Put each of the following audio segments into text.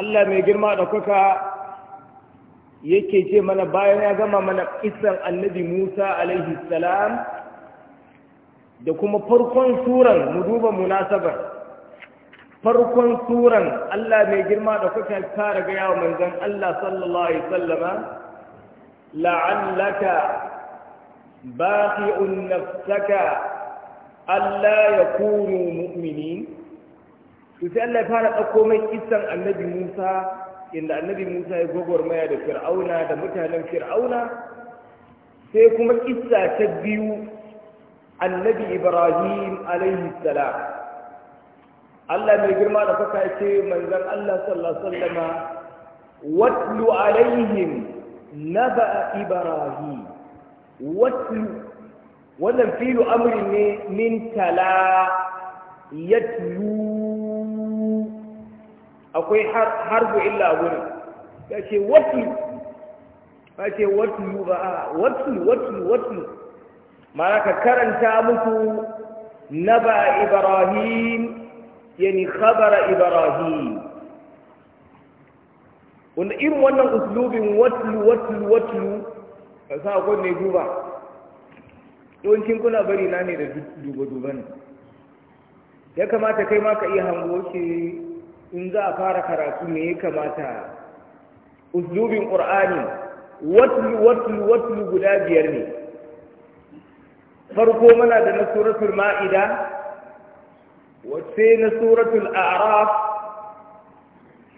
Allah mai girma da kuka yake ce mana bayan ya gama mana kisan annabi Musa alaihi salam da kuma farkon suran mu duba munasabar farkon suran Allah mai girma da kuka fara gaya wa manzon Allah sallallahu alaihi sallama la'allaka baqi'un nafsaka alla yakunu mu'minin to sai Allah ya fara ɗauko mai kisan annabi Musa inda annabi Musa ya gwagwarmaya da Fir'auna da mutanen Fir'auna sai kuma kissa ta biyu annabi Ibrahim alaihi salam Allah mai girma da faka ce manzon Allah sallallahu alaihi wasallama watlu alaihim naba Ibrahim watlu wannan filu amri ne min tala yatlu akwai harbu illa a ya ce watlu ya ce yi ba a watlu watlu ma mana ka karanta muku ba ibrahim yani khabara ibrahim wanda irin wannan uslubin watlu watlu watlu ka sa akwai mai duba yawancin kuna bari na ne da duba-duban ya kamata kai ma ka iya hango shi in za a fara karatu me ya kamata uslubin ƙur'ani watlu watlu watlu guda biyar ne farko mana da na suratul ma'ida sai na suratul a'raf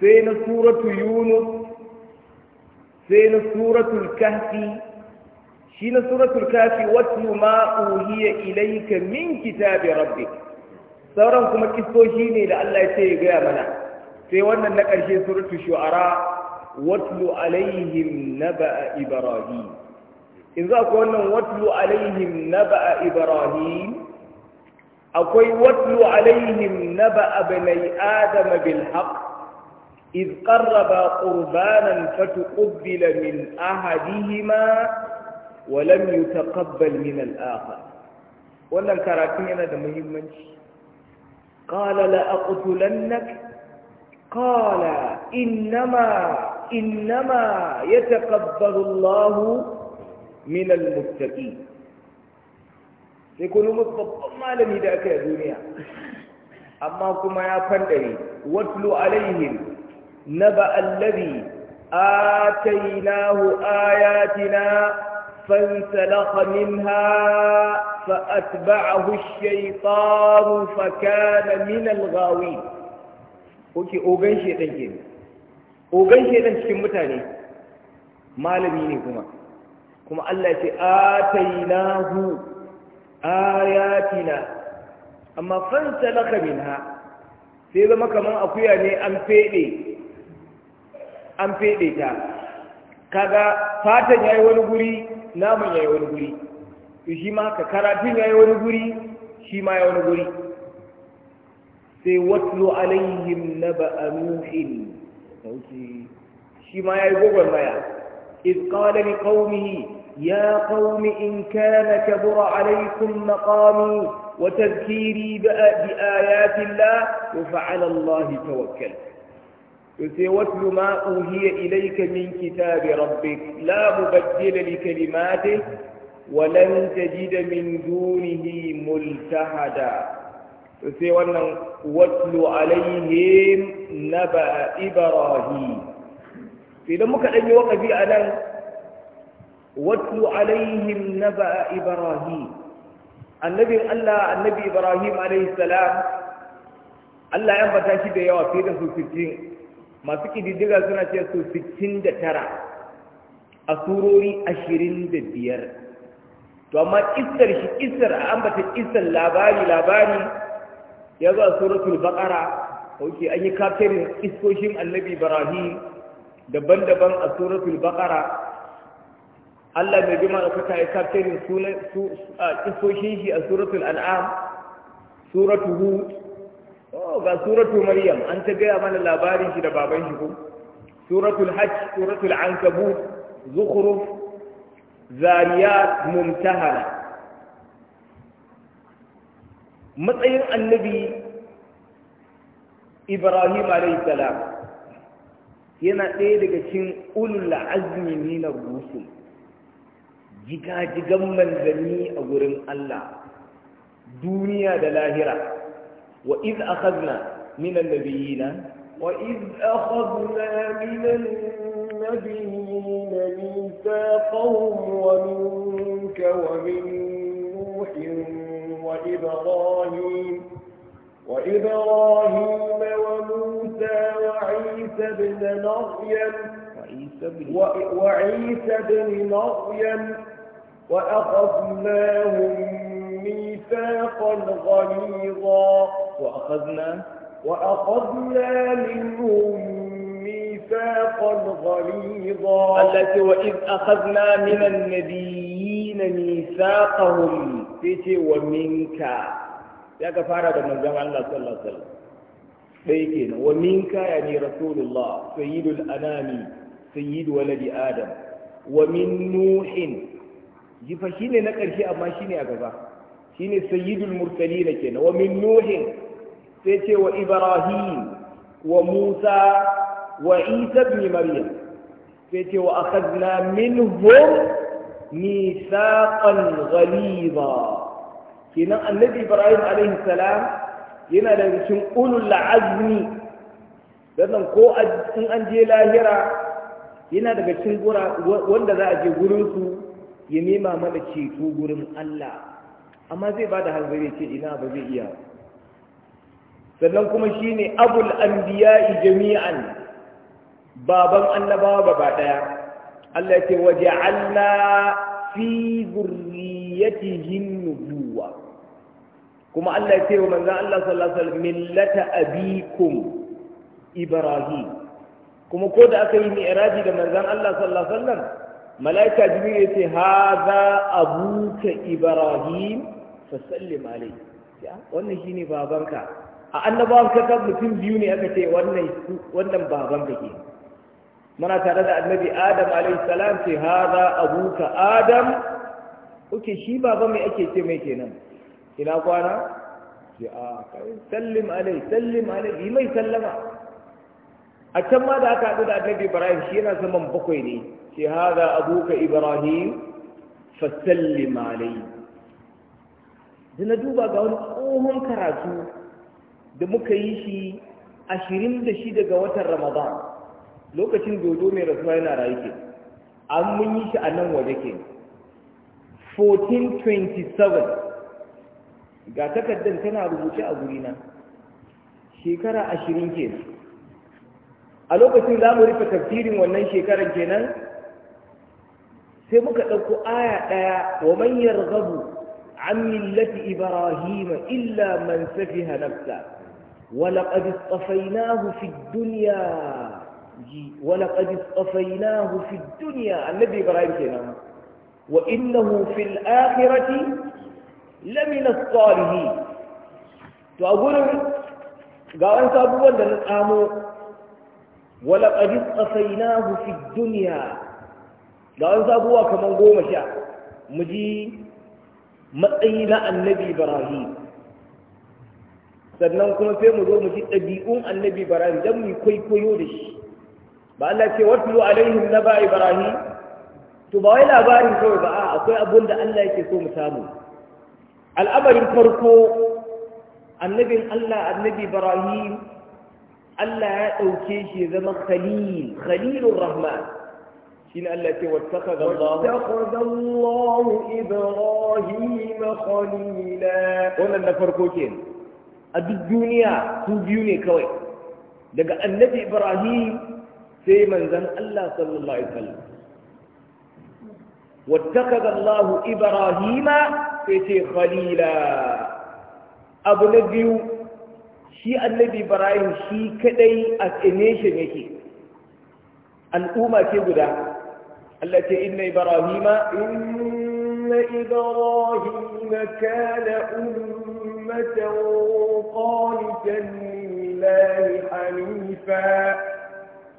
sai na suratul yunus sai na suratul kahfi shi na suratul kahfi watlu ma uhiya ilayka min kitabi rabbik sauran kuma kistoshi ne da Allah ya ce ya gaya mana sai wannan na ƙarshe suratu shu'ara watlu alaihim naba'a ibrahim in za ku wannan watlu alaihim naba'a ibrahim akwai watlu alaihim naba'a bani adam bil haqq إذ قربا قربانا فتقبل من أحدهما ولم يتقبل من الآخر wannan karatun yana da muhimmanci qala la aqtulannak قال إنما إنما يتقبل الله من المتقين يقولون مصطفى ما لم يدعك يا دنيا أما كما يا فندري واتل عليهم نبأ الذي آتيناه آياتنا فانسلخ منها فأتبعه الشيطان فكان من الغاوين ke ogan shedan ke ne ogan shedan cikin mutane malami ne kuma kuma Allah ya ce atainahu ayatina amma fansalaka minha sai zama kaman akuya ne an fede an fede ta kaga fatan yayi wani guri naman yayi wani guri shi ma ka karatun yayi wani guri shi ma yayi wani guri sai watlu alaihim naba nuhin sauki shi ma yayi gwagwarmaya iz qala li qaumihi ya qaumi in kana kabura alaikum maqami wa tadhkiri bi ayati llah wa fa'ala allah tawakkal sai watlu ma uhiya ilayka min kitabi rabbik la mubaddila li kalimatihi ولن تجد من دونه ملتحدا sai wannan watlu alaihim naba ibrahim idan muka ɗanyi waƙafi a nan watlu alaihim naba ibrahim annabin allah annabi ibrahim alaihi salam allah ya ambata shi da yawa fiye da su sittin masu ƙididdiga suna ce su sittin da tara a surori ashirin da biyar to amma isar shi isar a ambata isar labari labari ya zo a suratul baqara oke an yi kafirin iskoshin annabi ibrahim daban-daban a suratul baqara Allah mai jima da kuka yi kafirin iskoshin shi a suratul an'am suratu hud oh, ga suratu maryam an ta gaya mana labarin shi da baban shi ko suratul hajj suratul ankabut zukhruf zariyat mumtahana matsayin annabi ibrahim alaihissalam yana ɗaya daga cikin ulul azmi ne na rusul jigajigan manzanni a gurin allah duniya da lahira wa iz akhadna min annabiyina وإذ أخذنا من النبيين ميثاقهم ومنك ومن نوح وإبراهيم وإبراهيم وموسى وعيسى بن مريم وعيسى بن مريم وأخذناهم ميثاقا غليظا وأخذنا وأخذنا منهم ميثاقا غليظا التي وإذ أخذنا من النبيين ميثاقهم sai ce wa minka ya ka fara da manzon Allah sallallahu alaihi wasallam dai kenan wa minka yani rasulullah sayyidul anami sayyid waladi adam wa min nuhin Jifa fa shine na karshe amma shine a gaba shine sayyidul mursalin kenan wa min nuhin sai ce wa ibrahim wa musa wa isa ibn maryam sai ce wa akhadna minhum mithaqan ghaliza kenan annabi ibrahim alaihi yana da cikin ulul azmi dan ko in an je lahira yana daga cikin wanda za a je gurin ya nema mana ceto gurin Allah amma zai bada hanzari ce ina ba zai iya sannan kuma shine abul anbiya'i jami'an baban annabawa gaba daya Allah ce waje Allah fi zurriyatihin nubuwa kuma Allah ce wa manzan Allah sallallahu alaihi wasallam millata abikum Ibrahim kuma ko da aka yi mi'raji da manzan Allah sallallahu alaihi wasallam malaika jibril ya ce haza abuka Ibrahim fa sallim alaihi wannan shine babanka a annabawan ka mutum biyu ne aka ce wannan wannan babanka kenan muna tare da annabi adam salam ce haza abuka adam uke shi baba mai ake ce mai kenan ina kwana ce a kai sallim alai sallim alai yi mai sallama a can ma da aka haɗu da annabi ibrahim shi yana zaman bakwai ne ce haza abuka ibrahim fa sallim alai da na duba ga wani tsohon karatu da muka yi shi ashirin da shi daga watan ramadan lokacin dodo mai rasuwa yana rayu ke an mun yi shi a nan waje ke 1427 ga takardar tana rubuce a gurina shekara ashirin ke a lokacin za mu rufe tafsirin wannan shekarar kenan sai muka ɗauko aya ɗaya wa manyar yarghabu an millati ibrahima illa man safiha nafsa wa laqad istafaynahu dunya ji wala qad safainahu fi dunya annabi ibrahim kenan wa innahu fil akhirati lamina salihin to a gurin ga wani abubuwan da na tsamo wala qad safainahu fi duniya ga wani abubuwa kamar goma sha mu ji matsayi na annabi ibrahim sannan kuma sai mu zo mu ji ɗabi'un annabi ibrahim don mu yi kwaikwayo da shi ba Allah ce wasu watlu alaihim naba ibrahim to ba wai labarin kawai ba a akwai abin da Allah yake so mu samu al'amarin farko annabin Allah annabi ibrahim Allah ya ɗauke shi ya zama khalil khalilur rahman shine Allah ce wattakhadha Allah wattakhadha Allah ibrahim khalila wannan na farko kenan a duk duniya su biyu ne kawai daga annabi ibrahim sai manzan Allah sallallahu alaihi wasallam wattakaza Allah Ibrahima sai ce khalila abu na biyu shi annabi Ibrahim shi kadai a tsine shi yake al'umma ce guda Allah ce inna Ibrahima inna Ibrahima kana ummatan qanitan lillahi hanifa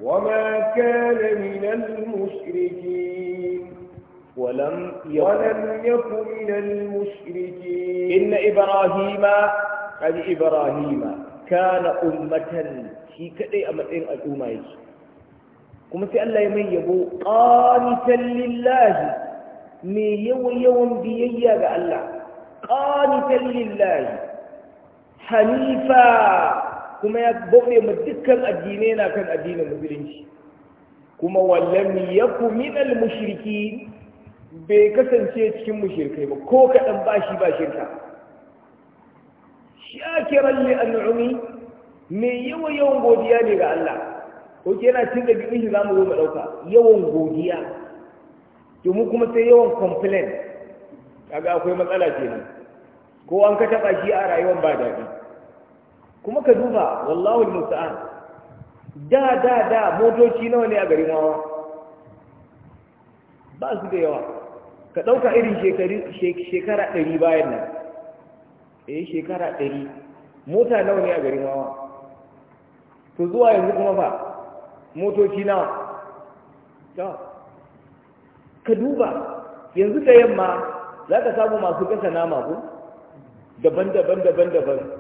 وما كان من المشركين ولم يكن, ولم يكن من المشركين إن إبراهيم أي إبراهيم كان أمة في كأي أمتين الأمة كما في الله يبو قانتا لله من يوم يوم بيئة الله قانتا لله حنيفا kuma ya bauɗe ma dukkan addinai na kan addinin musulunci kuma wallam ya min al mushriki bai kasance cikin mushrikai ba ko kaɗan ba shi ba shirka shakiran li an'umi me yawan yawan godiya ne ga Allah ko yana cin da bikin shi zamu zo mu dauka yawan godiya to mu kuma sai yawan complain kaga akwai matsala kenan ko an ka taba shi a rayuwar ba daɗi kuma ka duba wallahu musta'an da da da motoci nawa ne a garin wawa ba su da yawa ka ɗauka irin shekara ɗari bayan nan eh shekara ɗari mota nawa ne a garin wawa to zuwa yanzu kuma fa motoci nawa ka duba yanzu da yamma za ka samu masu gasa nama ku daban daban daban daban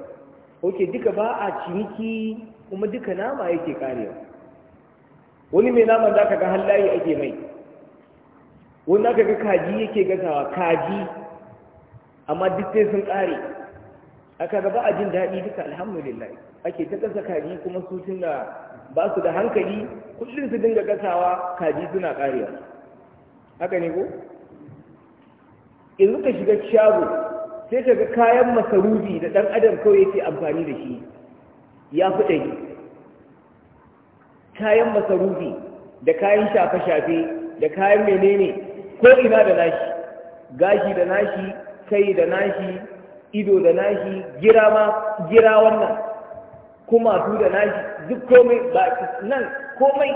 oke duka ba a ciniki kuma duka nama yake karewa wani mai nama za ka ga hallaye ake mai wani aka ga kaji yake gasawa kaji amma duk sai sun kare aka gaba a jin daɗi duka alhamdulillah ake ta ƙasa kaji kuma su tunda ba su da hankali kullum su dinga gasawa kaji suna karewa haka ne ko in suka shiga shago sai ka ga kayan masarufi da ɗan adam kawai yake amfani da shi ya fi ɗari kayan masarufi da kayan shafe-shafe da kayan menene ko ina da nashi gashi da nashi kai da nashi ido da nashi gira ma gira wannan kuma su da nashi duk komai ba nan komai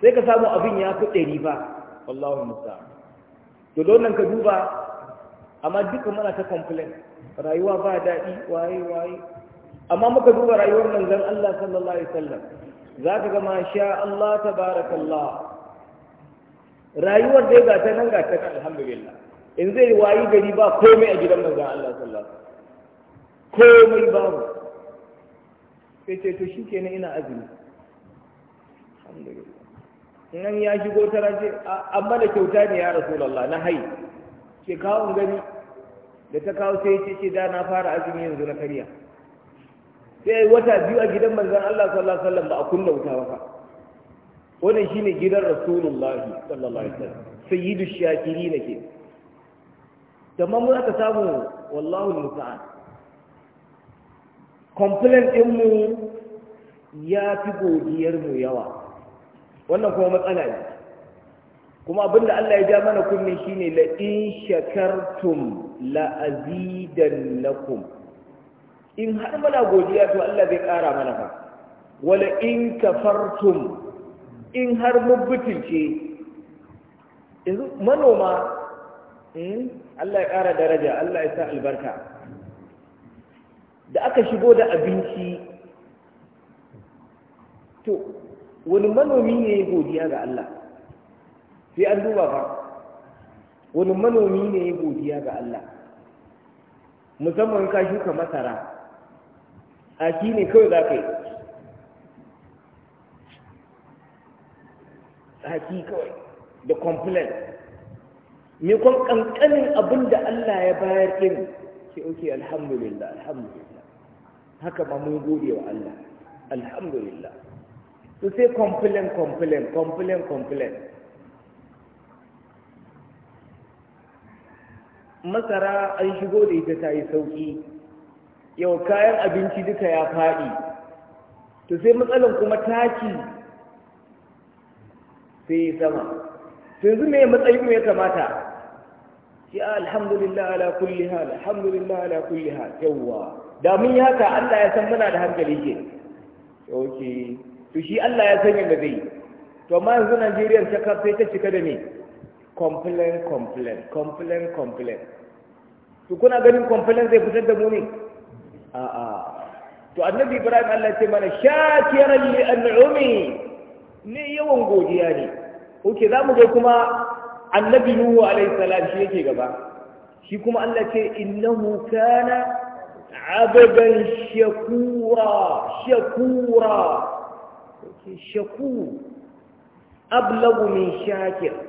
sai ka samu abin ya fi ɗari ba wallahu musa to don nan ka duba amma duka mana ta complain rayuwa ba daɗi waye waye amma muka duba rayuwar manzon Allah sallallahu alaihi wasallam ka ga masha Allah tabarakallah rayuwar dai ga ta nan ga ta alhamdulillah in zai wayi gari ba komai a gidan manzon Allah sallallahu alaihi wasallam komai babu sai ce to shikenan ina azumi alhamdulillah nan ya shigo ta raje amma da kyauta ne ya rasulullah na hai ke kawun gani da ta kawo sai ce ce da na fara azumi yanzu na karya sai wata biyu a gidan manzon Allah sallallahu alaihi wasallam ba a kunna wuta ba fa wannan shine gidan rasulullahi sallallahu alaihi wasallam sayyidu shakiri nake kamar mu aka samu wallahu musta'an complaint din mu ya fi godiyar mu yawa wannan kuma matsala ne kuma abinda Allah ya ja mana kunni shine la in shakartum la'azidannakum in har muna godiya to Allah zai ƙara mana fa wala in kafartum in har mun butulce yanzu manoma hmm, Allah ya ƙara daraja Allah ya sa albarka da aka shigo da abinci to wani manomi ne godiya ga Allah sai an duba ba wani manomi ne ya godiya ga Allah musamman ka shuka masara a shi ne kawai za ka yi haki kawai da complain me kon kankanin abin da Allah ya bayar ɗin? ke oke alhamdulillah alhamdulillah haka ma mun gode wa Allah alhamdulillah to sai complain complain complain complain masara an shigo da ita ta yi sauƙi yau kayan abinci duka ya faɗi to sai matsalan kuma taki sai ya sama to yanzu mai matsayi ya kamata shi alhamdulillah ala kulli hal alhamdulillah ala kulli hal yawwa da mun yi haka Allah ya san muna da hankali ke okay to shi Allah ya san yadda zai to amma yanzu Najeriya ta kafa ta cika da ne complain complain complain complain to kuna ganin complain zai fitar da muni. a'a to annabi ibrahim Allah ya ce mana shakiran li an'umi ne yawan godiya ne oke za mu ga kuma annabi nuhu alaihi salam shi yake gaba shi kuma Allah ce innahu kana abadan shakura shakura shakur ablagu min shakir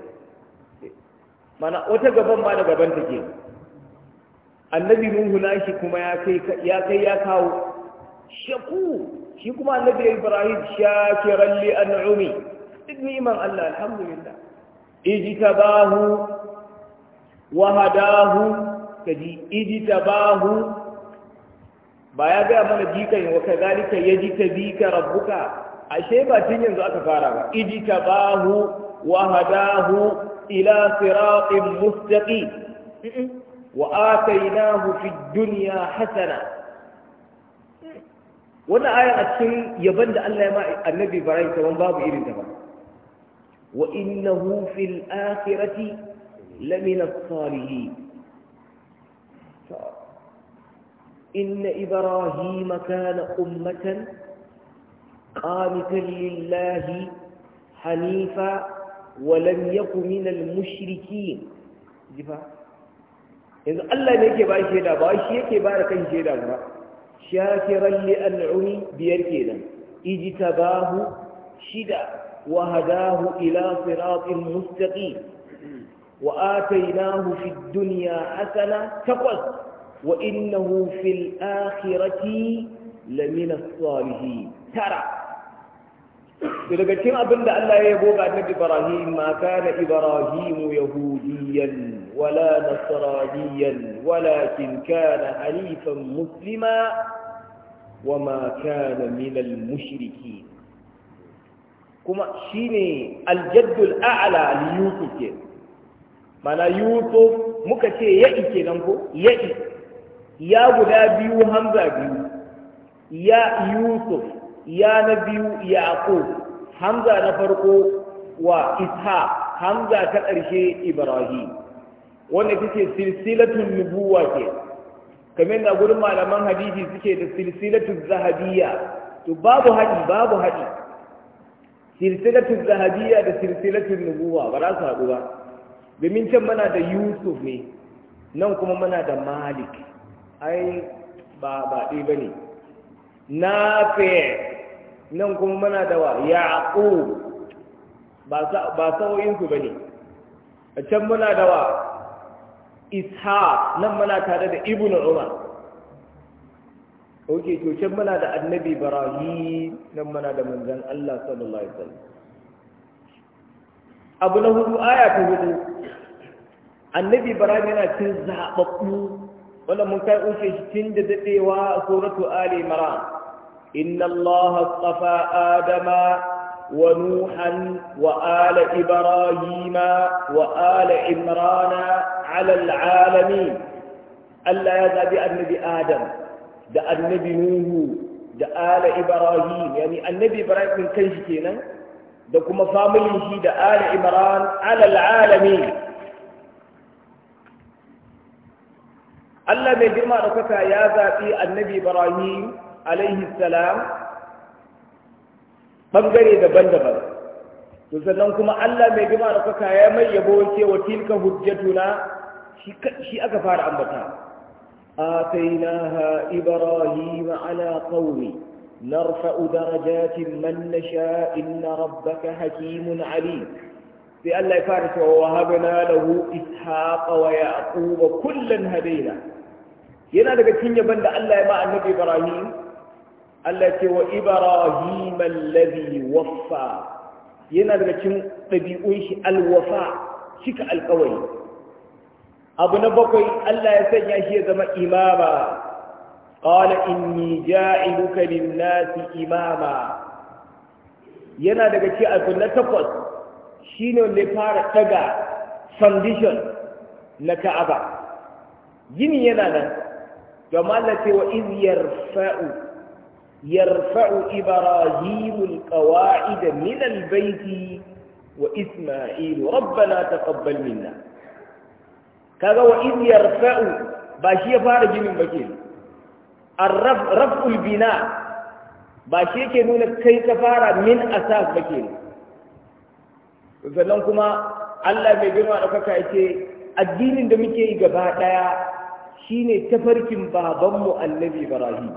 mana wata gaban ma da gaban take annabi nuhu shi kuma ya kai ya kai ya kawo shaku shi kuma annabi ibrahim shakiran li an'umi duk ni'man Allah alhamdulillah tabahu wa hadahu kaji tabahu ba ya gaya mana jikan wa yaji tabika rabbuka ashe ba tun yanzu aka fara ba tabahu wa hadahu إلى صراط مستقيم وآتيناه في الدنيا حسنة wannan aya a cikin yaban da Allah ya ma annabi Ibrahim kaman babu irin ta ba wa innahu fil akhirati lamina salihin إن إبراهيم كان أمة قانتا لله حنيفا walam yaku minal mushrikin jifa yanzu Allah ne yake ba shi shaida ba shi yake ba da kan shaida ba shakiran li an'umi biyar kenan ijtabahu shida wa hadahu ila siratin mustaqim wa atainahu fid duniya hasana takwas wa innahu fil akhirati lamina as-salihin tara to daga cikin abin da Allah ya yabo ga annabi Ibrahim ma kana Ibrahim yahudiyan wala nasraniyan walakin kana halifan muslima wama kana min al-mushrikin kuma shine al-jaddul a'la li Yusuf mana Yusuf muka ce ya'i nan ko ya'i ya guda biyu hamza biyu ya Yusuf ya na biyu ko hamza na farko wa isha hamza ta ƙarshe ibrahim wanda take silsilatun nubuwa ke kamar da gudun malaman hadisi suke da silsilatun zahabiyya to babu haɗi babu haɗi silsilatun zahabiyya da silsilatun nubuwa ba za su haɗu ba domin can mana da yusuf ne nan kuma mana da malik ai ba ba ɗi ba ne na fiye nan kuma muna da wa yaqub ba ba sauyin ku bane a can muna da wa isha, nan muna tare da ibnu umar oke to can muna da annabi ibrahim nan muna da manzon Allah sallallahu alaihi wasallam abu na hudu aya ta hudu annabi ibrahim yana cin zababbu wannan mun kai uce shi tun da dadewa suratul ali imran إن الله اصطفى آدم ونوحا وآل إبراهيم وآل عمران على العالمين ألا يذهب النبي آدم ده النبي نوح ده آل إبراهيم يعني النبي إبراهيم من كنشتين كينا ده كما فاملينه ده آل عمران على العالمين ألا mai girma يا kuka النبي إبراهيم alaihi salam bangare daban-daban to sannan kuma Allah mai gima da kuka ya mai yabo yake wa tilka hujjatuna shi aka fara ambata atainaha ibrahim ala qaumi narfa'u darajatin man nasha inna rabbaka hakimun alim sai Allah ya fara cewa wa habana lahu ishaqa wa yaquba kullan hadaina yana daga cikin yaban da Allah ya ba annabi ibrahim Allah ce wa Ibrahim allazi waffa yana daga cikin ɗabi'un shi alwafa cika alƙawari abu na bakwai Allah ya sanya shi ya zama imama qala inni ja'iluka lin-nasi imama yana daga cikin abu na takwas shine wanda ya fara daga foundation na Ka'aba gini yana nan to ce wa iz yarfa'u يرفع إبراهيم القواعد من البيت وإسماعيل ربنا تقبل منا كذا وإذ يرفع باشي فارج من بكين الرفع رفع البناء باشي كنون كي تفارى من أساس بكين sannan kuma Allah mai girma ɗaukaka ya ce addinin da muke yi gaba ɗaya shine tafarkin babanmu annabi Ibrahim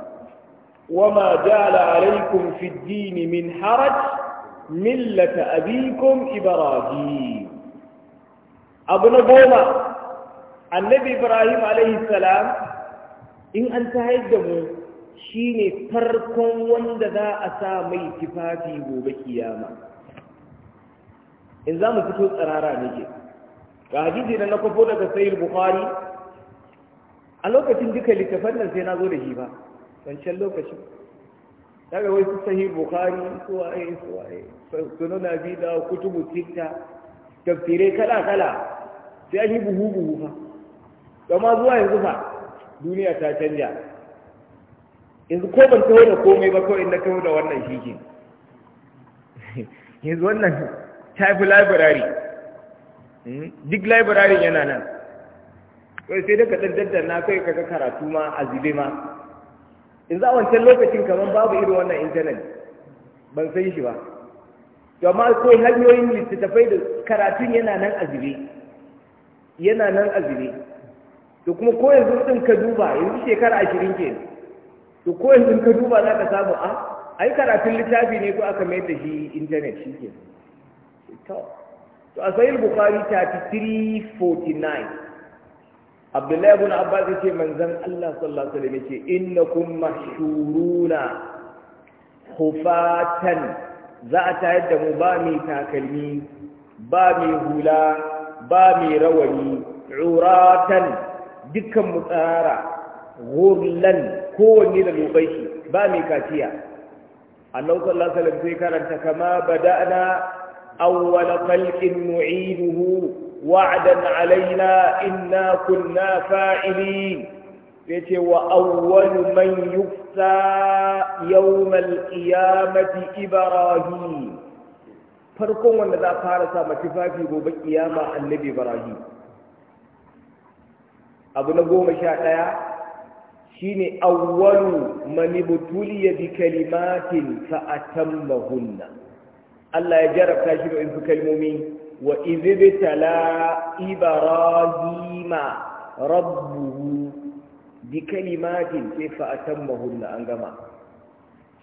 وما جعل عليكم في الدين من حرج ملة أبيكم إبراهيم أبو نبوما النبي إبراهيم عليه السلام إن أنت هيدمو shine farkon wanda za a sa mai tufafi gobe kiyama in za mu fito tsirara ne ke ga na kwafo daga sayil bukhari a lokacin duka littafan nan sai na zo da shi ba wancan lokacin daga wasu su sahi bukari suwaye suwaye na bi da kutubu sitta tafsirai kala kala sai an yi buhu buhu fa kama zuwa yanzu fa duniya ta canja yanzu ko ban taho da komai ba kawai na taho da wannan shi yanzu wannan ta fi library hmm? duk library yana nan kawai sai daga ɗan na kai kaga karatu ma a zube ma in za wancan lokacin kamar babu irin wannan intanet ban san shi ba to amma akwai hanyoyin littattafai da karatun yana nan a zube yana nan a zube to kuma ko yanzu din ka duba yanzu shekara ashirin ke to ko yanzu ka duba za ka samu a ah, ai karatun littafi ne ko aka mai da shi intanet shi ke to a sahih bukhari 3349 abdullahi ibn abbas ce manzon Allah sallallahu alaihi wasallam yace innakum mahshuruna hufatan za a tayar da mu ba mai takalmi ba mai hula ba mai rawani uratan dukkan mu tsara gurlan kowanne da lobai shi ba mai kaciya annabi sallallahu alaihi wasallam sai karanta kama bada'na awwala khalqin nu'iduhu وعدا علينا إنا كنا فاعلين يتي وأول من يفتى يوم القيامة إبراهيم farkon wanda za a fara sa matifafi gobe kiyama annabi ibrahim abu na goma sha ɗaya shine awwalu man ibtuliya bi kalimatin fa atammahunna Allah ya jarabta shi da wasu kalmomi wa izibtala ibrahima rabbuhu bi kalimatin sai fa atammahunna an gama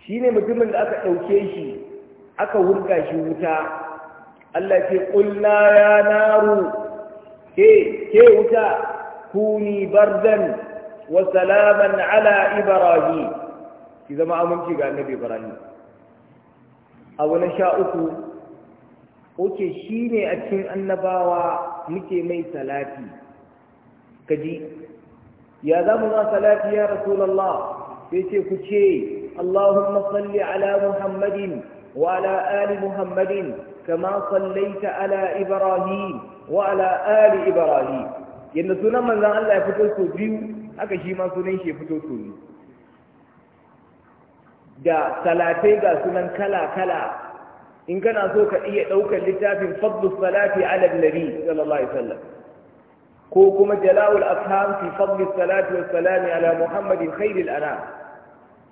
shine mutumin da aka dauke shi aka wurga shi wuta Allah ce qulna ya naru ke ke wuta kuni bardan wa salaman ala ibrahim ki zama aminci ga annabi ibrahim abu na sha uku oke shi ne a cikin annabawa muke mai salati kaji ya za mu za salati ya rasulallah sai ce ku ce allahumma salli ala muhammadin wa ala ali muhammadin kama sallaita ala ibrahim wa ala ali ibrahim yadda sunan manzan allah ya fito sau biyu haka shi ma sunan shi ya fito sau biyu da salatai ga sunan kala-kala إن كان أزوك إيه أوك اللتاف فضل الصلاة على النبي صلى الله عليه وسلم كوكم جلاء الأسهام في فضل الصلاة والسلام على محمد خير الأنام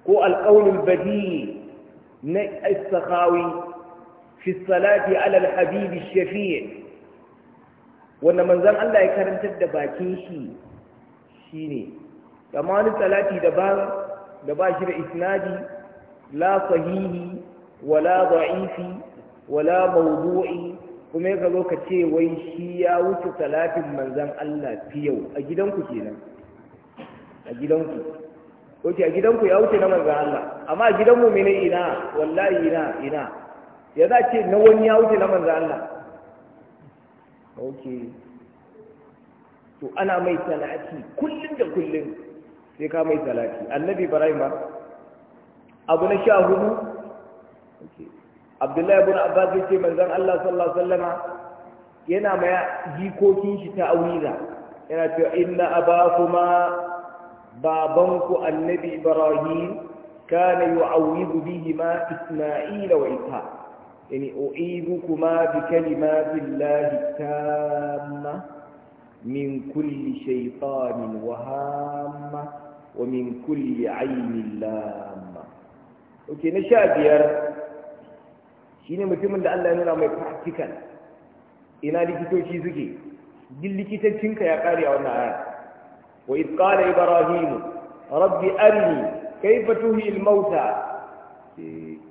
كو القول البديع السخاوي في الصلاة على الحبيب الشفيع وأن من ذن الله يكرم تدبا كيشي شيني كمان الصلاة دبا دبا شر إسنادي لا صحيحي wala da'ifi wala mawdu'i kuma ya zo ka ce wai shi ya wuce talatin manzan Allah yau a gidanku kenan a gidanku ok a gidanku ya wuce na manzan Allah amma a gidanmu mene ina wallahi ina ina ya za ce na wani ya wuce na manzan Allah ok to ana mai talati kullum da kullum sai ka mai talati annabi ibrahim abu na sha hudu abdullahi bin abbas ya ce manzon allah sallallahu alaihi wasallama yana ma jikokin shi ta auriza yana cewa inna kuma babanku annabi ibrahim kana yu'awwidu bihima isma'ila wa ishaq yani u'idukuma bi kalimati llahi tamma min kulli shaytanin wa wa min kulli aynin lamma okay na sha biyar shine mutumin da Allah ya nuna mai practical ina likitoci suke duk likitancinka ya kare a wannan aya wa id qala ibrahim rabbi arini kayfa tuhi al mauta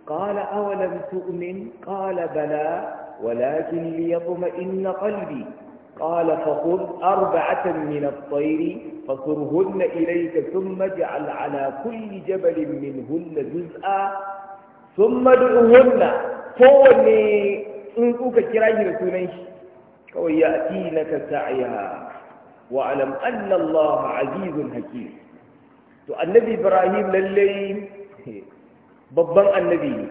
qala awalam tu'min qala bala ولكن ليطمئن قلبي قال فخذ أربعة من الطير فصرهن إليك ثم اجعل على كل جبل منهن جزءا ثم ادعهن kowanne in kuka kira shi da sunan shi kawai ya ati na ka sa'iya wa alam anna Allah azizun hakim to annabi Ibrahim lallai babban annabi ne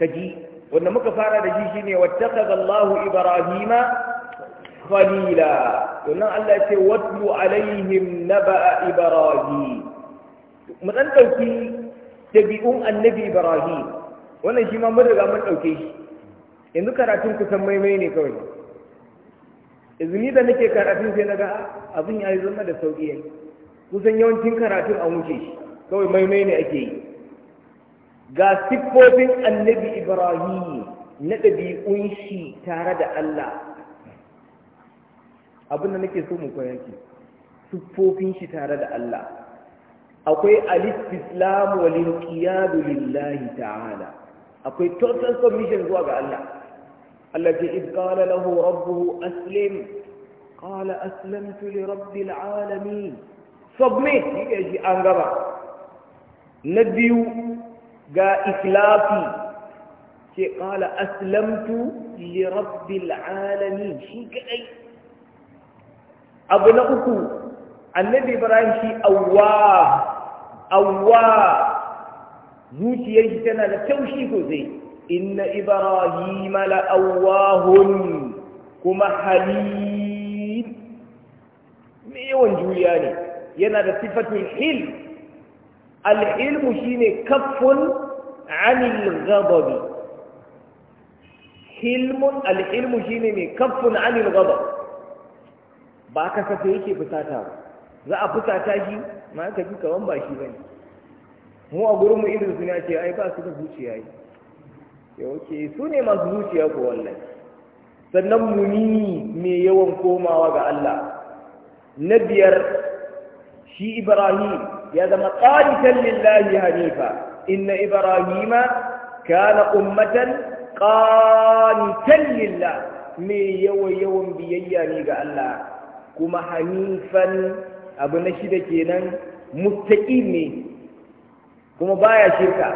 kaji wanda muka fara da shi shine wattakaza Allahu Ibrahima khalila to nan Allah ya ce watlu alaihim naba Ibrahim mu dan dauki dabi'un annabi Ibrahim wannan shi ma mun riga mun ɗauke shi yanzu karatun kusan maimai ne kawai izini da nake karatun sai naga ga ah, abin ya yi zama da sauƙi yayi kusan yawancin karatun a wuce shi kawai maimai ne ake yi ga siffofin annabi ibrahim na ɗabi'un shi tare da allah abin da nake so mu koya ke siffofin shi tare da allah akwai alistislamu wal inqiyadu lillahi ta'ala akwai total submission zuwa ga Allah Allah ce iz qala lahu rabbuhu aslim qala aslamtu li rabbil alamin submit yake shi an gaba na biyu ga ikhlafi ce qala aslamtu li rabbil alamin shi kai abu na uku annabi ibrahim shi awwa awwa zuciyar shi tana da taushi sosai inna ibrahim la'awahun kuma halil mai yawan juriya ne yana da sifatul hil alhilmu shine kaffun anil ghadabi hilmun alhilmu shine mai kaffun anil ghadab ba ka sace yake fusata za a fusata shi ma ka ji kawan ba shi bane mu a gurinmu irin su ce ai ba su da zuciya yi ya wuce su ne masu zuciya ko wallai? sannan muni mai yawan komawa ga Allah na biyar shi Ibrahim ya zama qanitan lillahi hanifa inna ibrahima kana ummatan qanitan lillah mai yawan yawan biyayya ne ga Allah kuma hanifan abu na shida kenan muttaqi ne kuma baya shirka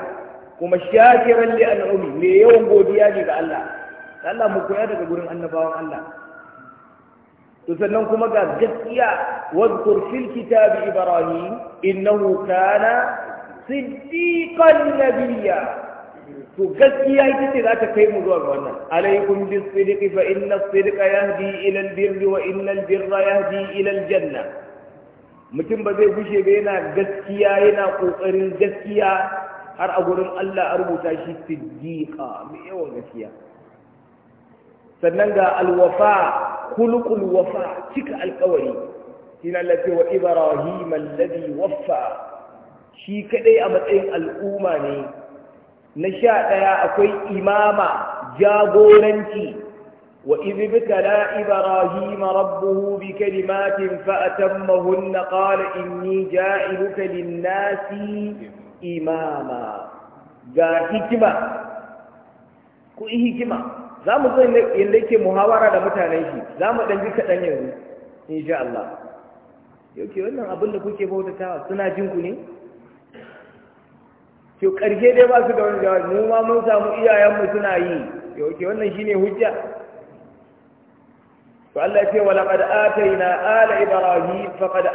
kuma shakiran li an'umi me yawan godiya ne ga Allah Allah mu koya daga gurin annabawan Allah to sannan kuma ga gaskiya wadkur fil kitabi ibrahim innahu kana siddiqan nabiyya to gaskiya ita ce za ta kai mu zuwa ga wannan alaikum bis sidqi fa inna as-sidqa yahdi ila al-birri wa inna al-birra yahdi ila al-janna mutum ba zai gushe ba yana gaskiya yana kokarin gaskiya har a gurin Allah a rubuta shi siddiqa mai yawan gaskiya sannan ga alwafa kulukul wafa cika alkawari shine Allah ce wa ibrahim alladhi waffa shi kadai a matsayin al'umma ne na sha daya akwai imama jagoranci وإذ ابتلى إبراهيم ربه بكلمات فأتمهن قال إني جاعلك للناس إماما ga hikima ku yi hikima za mu zai yadda yake muhawara da mutanen shi za mu ɗan ji kaɗan yanzu Allah yau wannan abin da kuke bautatawa suna jin ne to ƙarshe dai ba da wani jawabi mu mun samu iyayenmu suna yi yau ke wannan shine hujja to Allah ya ce wa laqad ataina ala ibrahim faqad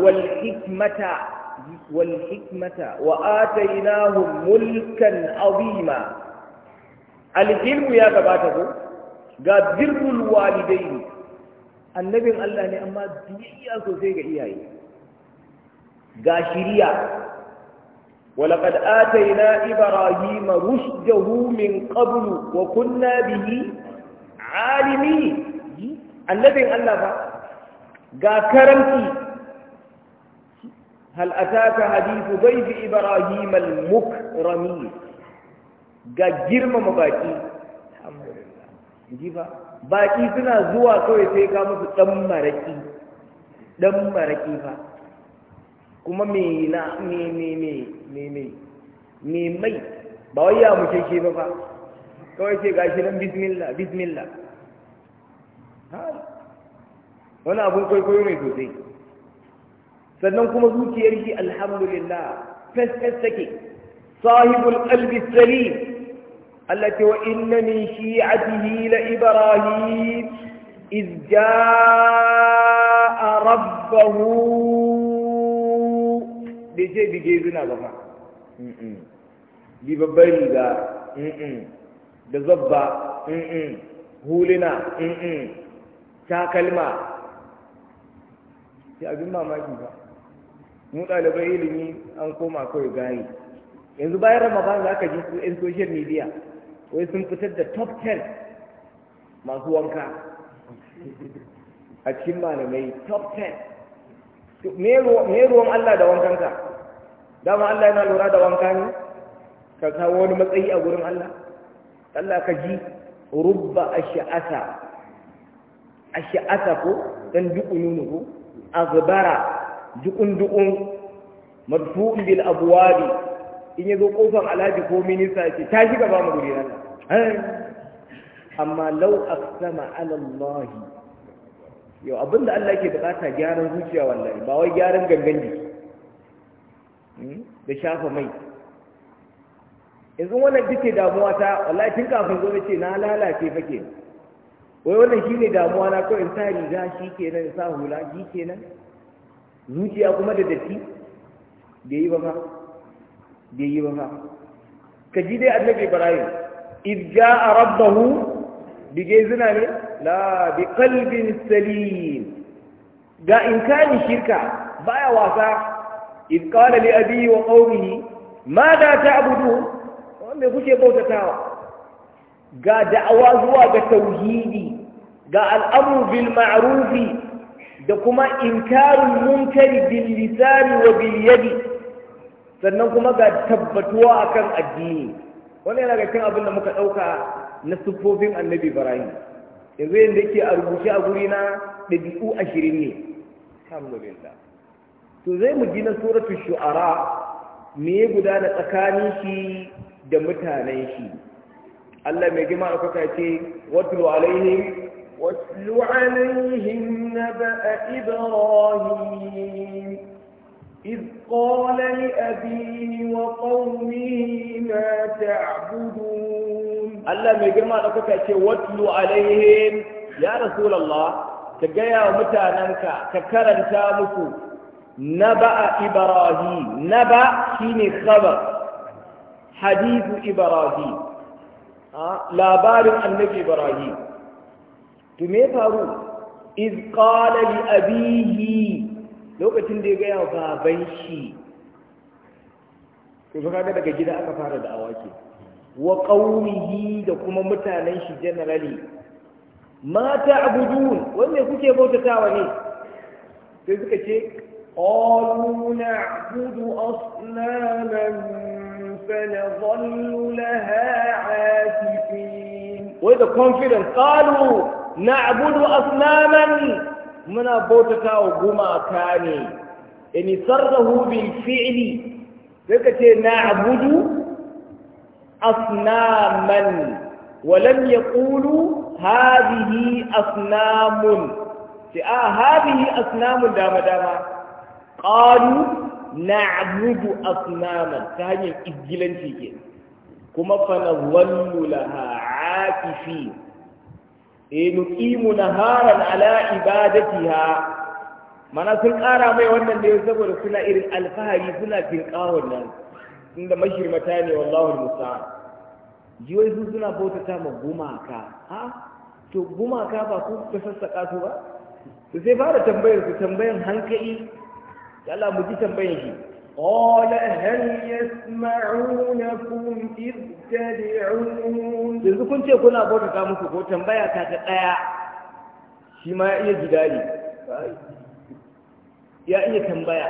wal hikmata wal hikmata wa mulkan azima alhilmu ya gabata ko ga walidai walidain annabin Allah ne amma biyayya sosai ga iyaye ga shiriya ولقد آتينا إبراهيم رشده من قبل وكنا به عالمين النبي الله قا كرمتي هل أتاك حديث ضيف إبراهيم المكرمين قا جرم مباكي الحمد لله جيبا باكي سنا زوا كوي سيكا مفتم مركي دم مركي فا kuma me na me me me me me me mai ba wai ya muke ke ba fa kawai ce gashi nan bismillah bismillah wani abun kwaikwayo ne sosai sannan kuma zuciyar shi alhamdulillah fes fes take sahibul qalbi salim allati wa inna min shi'atihi la ibrahim iz ja'a ربه bai bi bige zina ba ma bi babbar riga da zabba hulina takalma ya abin mamaki ba mu ɗalibai ilimi an koma kawai gani yanzu bayan ramadan za ka ji su 'yan social media wai sun fitar da top 10 masu wanka a cikin malamai top 10 me ruwan Allah da wankanka dama Allah yana lura da wanka ne ka kawo wani matsayi a gurin Allah Allah ka ji rubba ash'asa ash'asa ko dan dukununu ko aghbara dukun dukun marfu'un bil abwabi in yazo kofar alhaji ko minista ce ta shi ba mu gurin Allah amma lau aqsama ala Allah yau abinda Allah yake bukata gyaran zuciya wallahi ba wai gyaran gangan jiki Hmm? da shafa mai yanzu wannan duke damuwa ta wallahi tun kafin zo ce na lalace fa ke wai wannan shi ne damuwa na kawai in sa riga shi kenan in sa hula shi kenan zuciya kuma da datti bai yi ba fa bai yi ba fa ka ji dai annabi ibrahim a jaa rabbahu bi zina ne la bi qalbin salim ga in kani shirka baya wasa إذ قال لأبيه وقومه ماذا تعبدون wanda kuke bautatawa ga da'awa zuwa ga tauhidi ga al'amru bil da kuma inkarul munkari bil lisani wa bil sannan kuma ga tabbatuwa akan addini wannan yana ga kan abin da muka ɗauka na siffofin annabi ibrahim yanzu yanda yake a rubuce a guri na ɗabi'u ashirin ne alhamdulillah to zai mu gina suratu shu'ara me ya gudana tsakanin shi da mutanen shi Allah mai gima a kuka ce watlu alaihim watlu alaihim naba ibrahim إذ قال لأبيه وقومه ما تعبدون الله ما يجمع لك واتل عليهم يا رسول الله تجايا ومتانك ككرن تامكو naba a ibrahim naba shine khabar hadithu ibrahim ah, labarin annabi ibrahim to me faru iz qala li abihi lokacin da ya ga yawa baban shi ko ba ga daga gida aka fara da awaki wa qawmihi da kuma mutanen shi generally ma ta'budun wanne kuke bautatawa ne sai suka ce قالوا نعبد أصناما فنظل لها عاكفين وإذا confident قالوا نعبد أصناما من بوتكا وقما كاني يعني سره بالفعل ذلك نعبد أصناما ولم يقولوا هذه أصنام آه هذه أصنام دام دام qalu na'budu asnaman ta hanyar igilanci ke kuma fa na wallu laha akifi e nuqimu naharan ala ibadatiha mana sun ƙara mai wannan ne saboda suna irin alfahari suna kawon nan inda mashirmata ne wallahu musta'an jiyoyi sun suna bautata ma gumaka ha to gumaka ba ku ka sassaka su ba su sai fara tambayar su tambayan hankali Allah mu ji tambayin shi قال هل يسمعونكم إذ تدعون yanzu kun ce kuna bauta musu ko tambaya ta ta daya shi ma iya jidali ya iya tambaya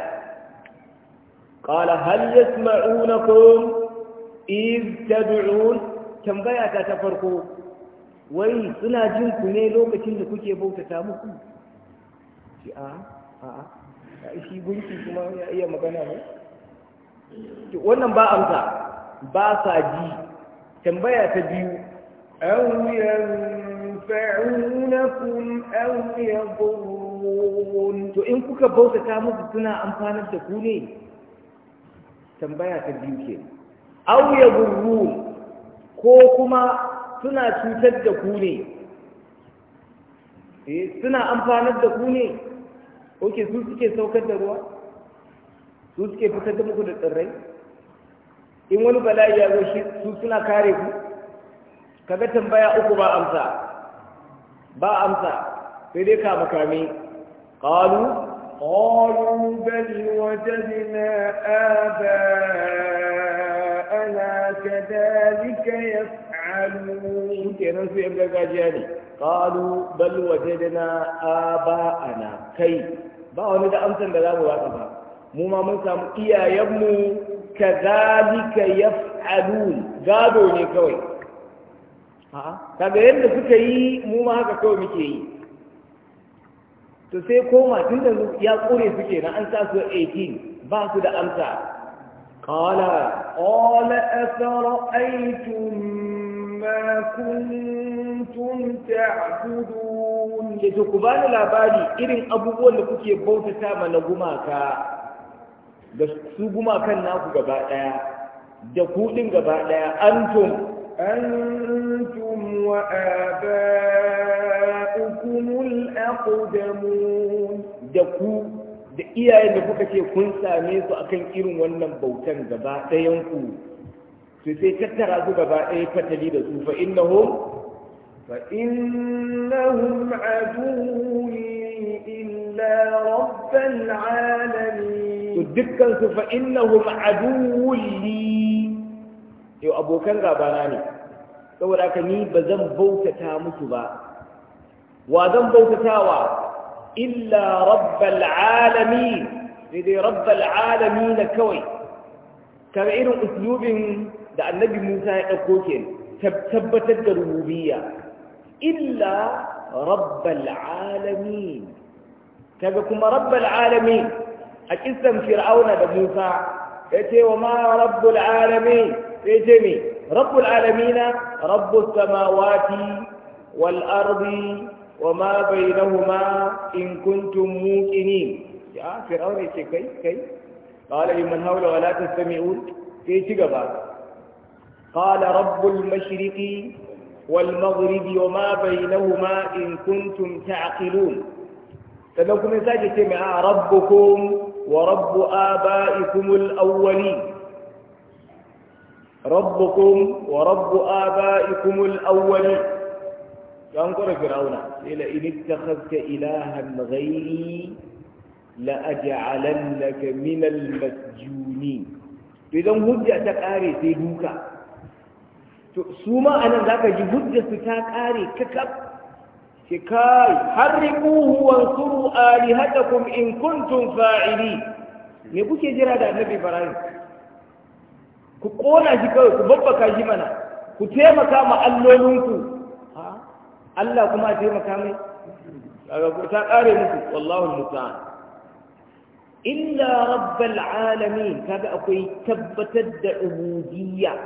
qala hal yasma'unakum iz tad'un tambaya ta ta farko wai suna jin ku ne lokacin da kuke bautata musu shi a a shi gunki kuma ya iya magana ne wannan ba amsa ba sa ji tambaya ta biyu yan yanfa'unakum aw yadurrun to in kuka bauta ta musu suna amfanar da ku ne tambaya ta biyu ke aw yadurrun ko kuma suna cutar da ku ne eh suna amfanar da ku ne oke su suke saukar da ruwa su suke fitar da muku da tsirrai in wani bala'i ya zo shi su suna kare ku kaga tambaya uku ba amsa ba amsa sai dai ka makami qalu قالوا بل وجدنا آباءنا كذلك يفعلون kenan su yan gargajiya ne qalu bal wajadna ana kai ba wani da amsan da za mu baka ba mu ma mun samu iyayenmu kazalika yaf'alun gado ne kawai kaga yadda suka yi mu ma haka kawai muke yi to sai koma tun da ya suke na an sa su 18 ba su da amsa qala qala afara'aytum ما كنتم تعبدون yace ku bani labari irin abubuwan da kuke bautata na gumaka da su gumakan naku gaba daya da ku din gaba daya antum antum wa aba'ukumul aqdamun da ku da iyayen da kuka ce kun same su akan irin wannan bautan gaba dayan ku to sai tattara su gaba ɗaya fatali da su fa innahum fa innahum aduwwi illa rabbil alamin to dukkan su fa innahum aduwwi yau abokan gaba na ne saboda haka ni ba zan bautata musu ba wa zan bautatawa illa rabbal alamin sai dai rabbal alamin kawai kamar irin uslubin da annabi Musa ya ɗauko ke tabbatar da rububiyya illa rabbal alamin kaga kuma rabbal alamin a kissan fir'auna da Musa ya ce wa ma rabbul alamin sai ce me rabbul alamina rabbus samawati wal ardi wa ma bainahuma in kuntum muqinin ya fir'auna ce kai kai qala liman hawla wa la tastami'un sai ci gaba قال رب المشرق والمغرب وما بينهما إن كنتم تعقلون فلكم إنسان جمع ربكم ورب آبائكم الأولين ربكم ورب آبائكم الأولين فأنقر فرعون إلى إن اتخذت إلها غيري لأجعلنك من المسجونين إذا جاءت آري سيدوكا to su ma anan za ka ji hujja ta ƙare kakaf ce kai suru, wansuru alihatakum in kuntum fa'ili me kuke jira da annabi ibrahim ku kona shi kawai ku babbaka shi mana ku taimaka ma allolinku Allah kuma taimaka mai kaga ku ta ƙare muku wallahu musta'an illa rabbil alamin kaga akwai tabbatar da ubudiyya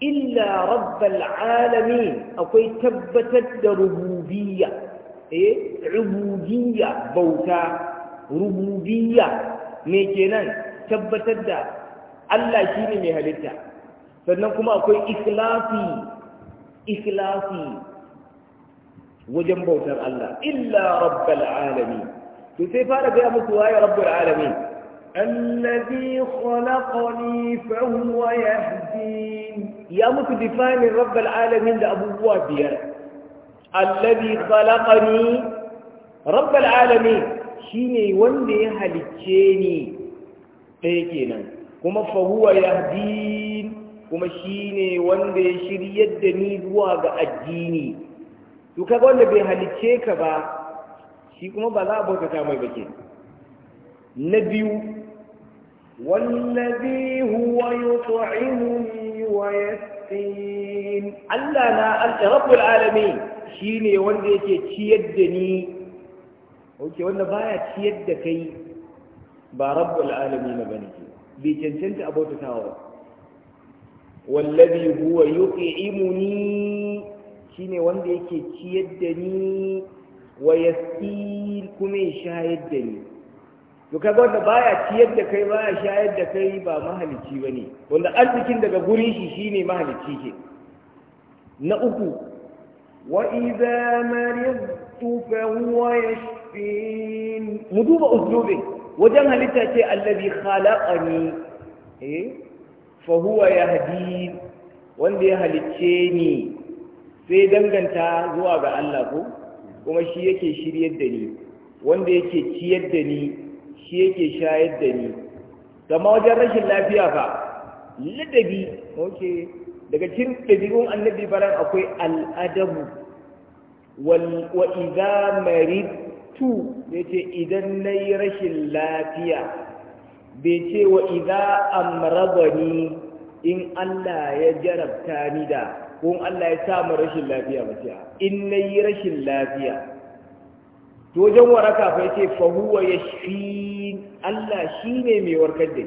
illa rabbal alamin akwai tabbatar da rububiyya eh rububiyya bauta rububiyya me kenan tabbatar da Allah shine mai halitta sannan kuma akwai ikhlasi ikhlasi wajen bautar Allah illa rabbal alamin to sai fara ga musu waye rabbul alamin الذي خلقني فهو يهدين يا مكو da abubuwa biyar. ده ابو الذي خلقني رب العالمين شيني وندي هلتشيني فيكينا كما فهو يهدين kuma shi ne wanda ya shirya da ni zuwa ga addini to kaga wanda bai halicce ka ba shi kuma ba za a bauta ta mai bake na biyu والذي هو يطعمني ويسقين الله نا رب العالمين shine wanda yake ciyar da ni oke wanda baya ciyar da kai ba rabbul alamin bane ke cancanta shine wanda yake ciyar da ni wa yasil kuma ya shayar da ni to kaga wanda baya ciyar da kai baya shayar da kai ba mahalicci ne. wanda arzikin daga guri shi shi ne mahalicci ke na uku wa iza maridtu fa huwa yashfin mu duba uslubin wajen halitta ce allazi khalaqani eh fa huwa yahdi wanda ya halicce ni sai danganta zuwa ga Allah ko kuma shi yake shiryar da ni wanda yake ciyar da ni shi yake shayar da ni kama wajen rashin lafiya fa ladabi oke daga cikin ɗabi'un annabi baran akwai al'adabu wa idza maritu yace idan nayi rashin lafiya bai ce wa idza ni in Allah ya jarabta ni da ko Allah ya sa rashin lafiya ba ce in nayi rashin lafiya to wajen waraka fa yace fa huwa yashfi Allah shine mai warkar da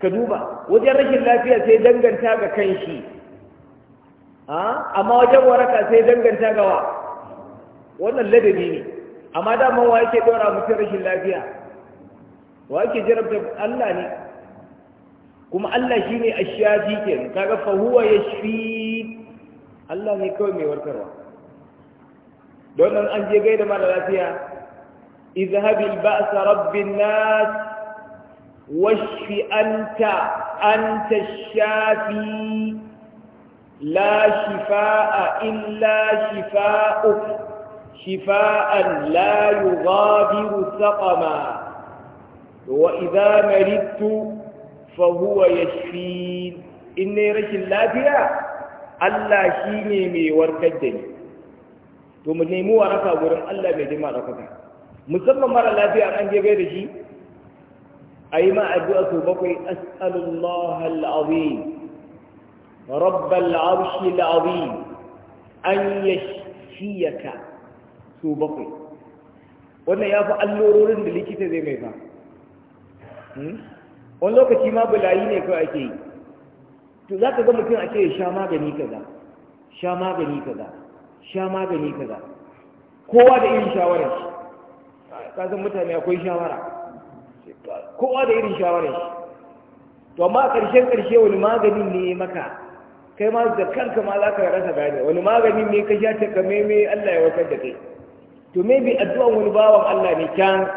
ka duba wajen rashin lafiya sai danganta ga kanshi a amma wajen waraka sai danganta ga wa wannan ladabi ne amma da mun wa yake dora mutum rashin lafiya wa yake jarabta Allah ne kuma Allah shine ashafi ke kaga fa huwa yashfi Allah ne kawai mai warkarwa don nan an je gaida mara lafiya izhabi ba'sa rabbin nas washfi anta anta shafi la shifaa illa shifa'u shifa'an la yughadiru saqama wa idha maridtu fa huwa yashfin in ne rashin lafiya Allah shine mai warkar da ni to mu nemi waraka gurin Allah mai jima da kuka musamman mara lafiya an je da shi a yi ma addu'a sau bakwai as'alullah al'azim rabbal arshi al'azim an yashiyaka sau bakwai wannan ya fi allurorin da likita zai mai ba hmm? wani lokaci ma bulayi ne kawai ake yi to za ka ga mutum a ce ya sha magani kaza sha magani kaza sha magani kaza kowa da irin shawarar shi ka mutane akwai shawara kowa da irin shawarar shi to amma karshen karshe wani maganin ne maka kai ma da kanka ma za ka rasa gane wani maganin ne ka sha ta kame me Allah ya warkar da kai to bi addu'an wani bawan Allah ne can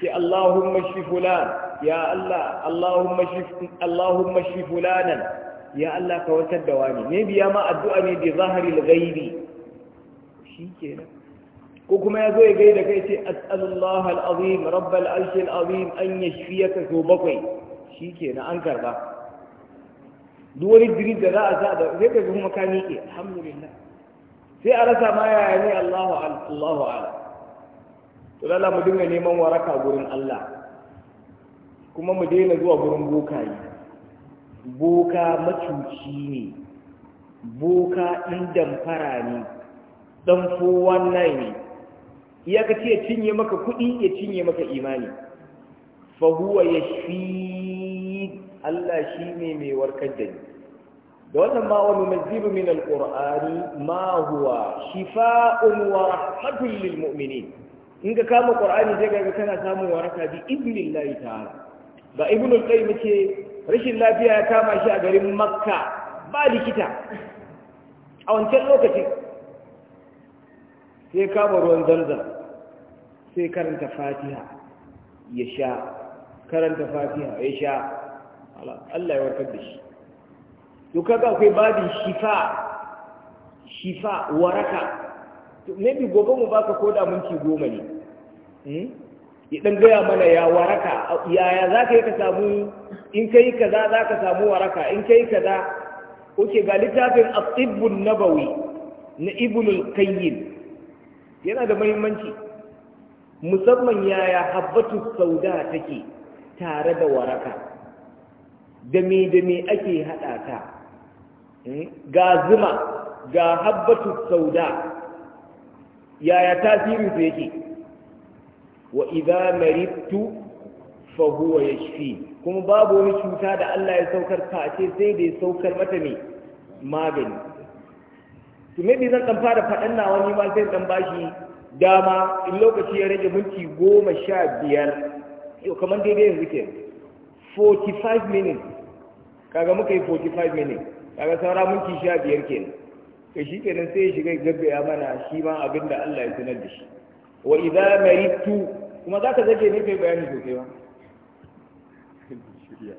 ce Allahumma shi fulan ya Allah Allahumma shi Allahumma shi fulanan ya Allah ka watar da wani ne biya ma addu'a ne da zahari al-ghaibi shikenan ko kuma ya zo ya da kai ce as'alullahi al-azim rabbal arshi al-azim shi yashfiyaka so bakwai shikenan an karba duk wani dirin da za a sa da zai ka ga kuma ka miƙe alhamdulillah sai a rasa ma yaya ne Allahu Allahu ala to lalla mu dinga neman waraka gurin Allah kuma mu daina zuwa gurin bokaye boka macuci ne boka ɗin damfara ne ɗan fowon ne ka ce ya cinye maka kuɗi ya cinye maka imani fahuwa ya shi Allah shi ne mai warkar da ni da wannan ma wani mazibu min alƙur'ani ma huwa shifa'un wa rahmatun lil mu'minin in ka kama ƙur'ani zai ga kana samun waraka bi idnillahi ta'ala ba ibnu qayyim ce rashin lafiya ya kama shi a garin makka ba likita a wancan lokacin sai kama ruwan zanzan sai karanta fatiha ya sha karanta fatiha ya sha Allah ya warkar da shi to kaga akwai babin shifa shifa waraka to maybe gobe mu baka koda minti goma ne hmm? ya gaya mana ya waraka yaya za ka yi ka samu in kai kaza za ka samu waraka in kai kaza oke ga littafin asibbun nabawi na ibulun qayyim yana da muhimmanci musamman yaya habbatu sauda take tare da waraka da me da me ake hada ta hmm? ga zuma ga habbatu sauda yaya tasirin su yake wa idza maridtu fa huwa yashfi kuma babu wani cuta da Allah ya saukar ta ce sai da ya saukar mata ne magani to bi zan dan fara fadan na wani ma sai dan bashi dama in lokaci ya rage minti goma sha biyar dai dai yanzu ke 45 minutes kaga muka yi 45 minutes kaga saura minti sha biyar kenan to shi kenan sai ya shiga ya mana shi ma abinda Allah ya sanar da shi wa idza maritu kuma za ka zage ne kai bayani sosai ba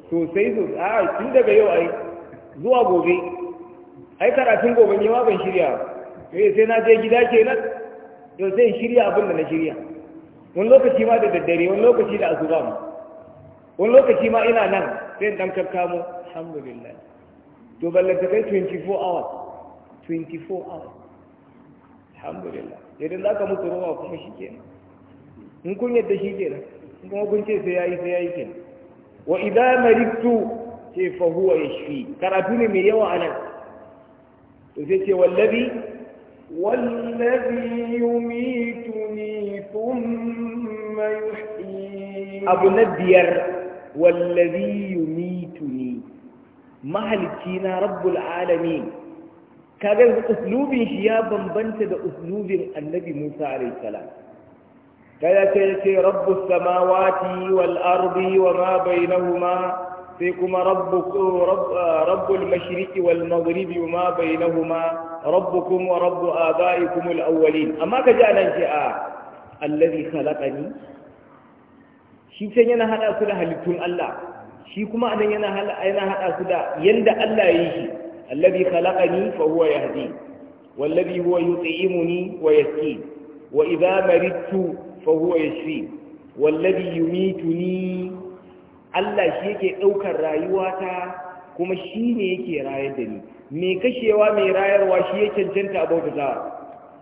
sosai sosai a tun daga yau ai zuwa gobe ai karatun gobe ne ma ban shirya ba eh, sai na je gida kenan yau sai shirya abin da na shirya wani lokaci ma da daddare wani lokaci da asuba ma wani lokaci ma ina nan sai in dan kakkamo alhamdulillah to ballanta kai 24 hours 24 hours alhamdulillah idan za ka mutu ruwa kuma shi kenan in kun yadda shi ke in kuma kun ce sai yayi sai yayi kenan wa idza maridtu ce fa huwa yashfi karatu ne mai yawa anan to sai ce wallazi wallazi yumituni thumma yuhyi abu na biyar wallazi yumituni mahalicci na rabbul alamin kaga uslubi shi ya bambanta da uslubin annabi Musa alaihi salam kada sai ce rabbu samawati wal ardi wa ma bainahuma sai kuma rabbul mashriqi wal maghribi wa ma bainahuma rabbukum wa rabbu abaikum al awwalin amma kaji anan ce a allazi khalaqani shi can yana hada su da halittun Allah shi kuma anan yana yana hada su da yanda Allah ya yi shi allazi khalaqani fa huwa yahdi wallazi huwa yut'imuni wa yaski wa idza maridtu fa huwa yashfi wallazi ni Allah shi yake daukar rayuwata kuma shi ne yake rayar da ni me kashewa mai rayarwa shi yake cancanta a bautatawa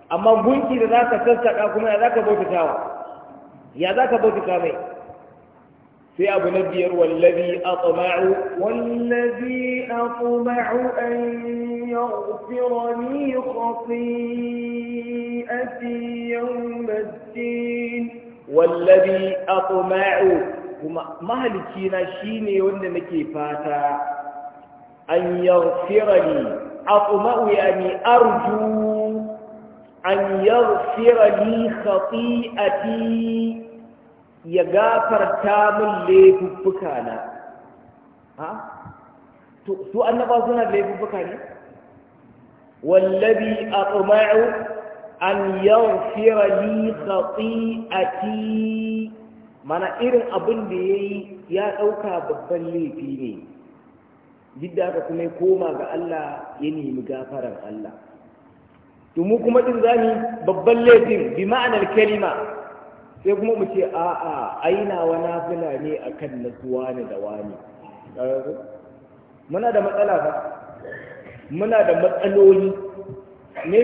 amma gunki da zaka sassaka kuma ya zaka bautatawa ya zaka bautata mai في أبو نبير والذي أطمع والذي أطمع أن يغفر لي خطيئتي يوم الدين والذي أطمع ما كينا شيني ونمكي كيفاتا أن يغفر لي أطمع يعني أرجو أن يغفر لي خطيئتي ya gafarta min laifuffuka na ha to su annaba suna da laifuffuka ne wallabi atma'u an yaghfira li khati'ati mana irin abin da yayi ya ɗauka babban laifi ne didda ka kuma koma ga Allah ya nemi gafaran Allah to mu kuma din zamu babban laifin bi ma'anar kalima sai kuma mu ce a'a aina wani fila ne a kan nasuwa wani da wani muna da matsala ba muna da matsaloli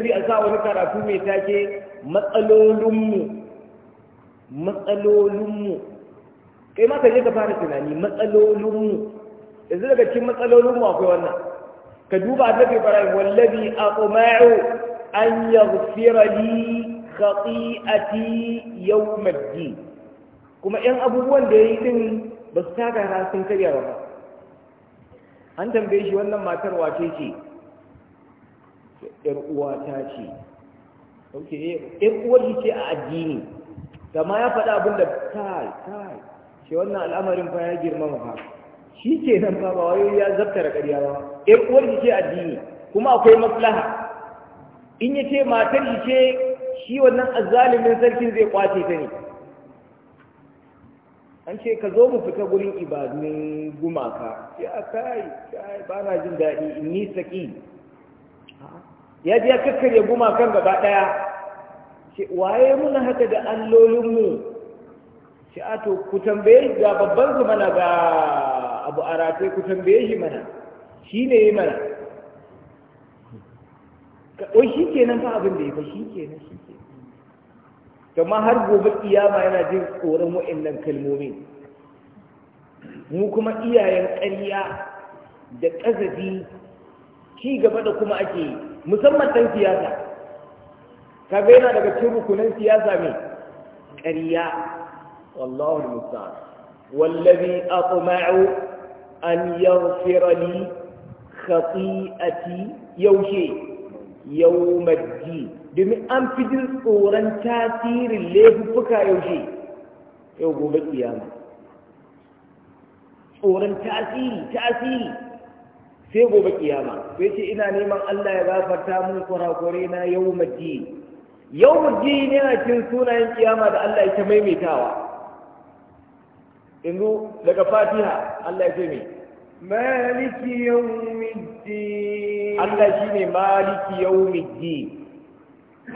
bi a sa wani karatu mai take matsalolinmu matsalolinmu kai ma ka je ka fara tunani matsalolinmu yanzu daga cikin matsalolinmu akwai wannan ka duba annabi ibrahim wallabi aquma'u an yaghfira li khati'ati yawmaddi kuma ɗan abubuwan da ya yi ba su taka ra sun karya ba an tambaye shi wannan matar wace ce Ƴar uwata ce ‘yar uwar shi ce a addini kama ya faɗa abin da kai kai ce wannan al'amarin fa ya girmama ba, shi ke nan fa ba wai ya zartara ƙarya ba ‘yar uwar shi ce addini kuma akwai maslaha in ya ce matar shi ce shi wannan azzalimin sarkin zai kwace ta ne an ce ka zo mu fita gurin ibadun gumaka ya kai kai ba na jin daɗi in ni saki ya ji ya kakkarya gumakan gaba ɗaya ce waye muna haka da allolinmu ce a to ku tambaye ga babban su mana ga abu a rataye ku tambaye shi mana shi ne yi mana wai shi kenan fa abin da ya fa shi kenan shi kama har gobe kiyama yana jin tsoron wa'annan kalmomi mu kuma iyayen ƙarya da ƙazafi ci gaba da kuma ake musamman ɗan siyasa kaga yana daga cikin rukunan siyasa mai ƙarya wallahu musta'an wallazi atma'u an yaghfira li khati'ati yaushe yawmaddi domin an fi jin tsoron tasirin laifuka yaushe yau gobe kiyama tsoron tasiri tasiri sai gobe kiyama sai ce ina neman Allah ya gafarta mun kurakure na yawmaddi yawmaddi ne na cin sunayen kiyama da Allah ya ta maimaitawa yanzu daga fatiha Allah ya ce mai مالك يوم الدين الله شيني مالك يوم الدين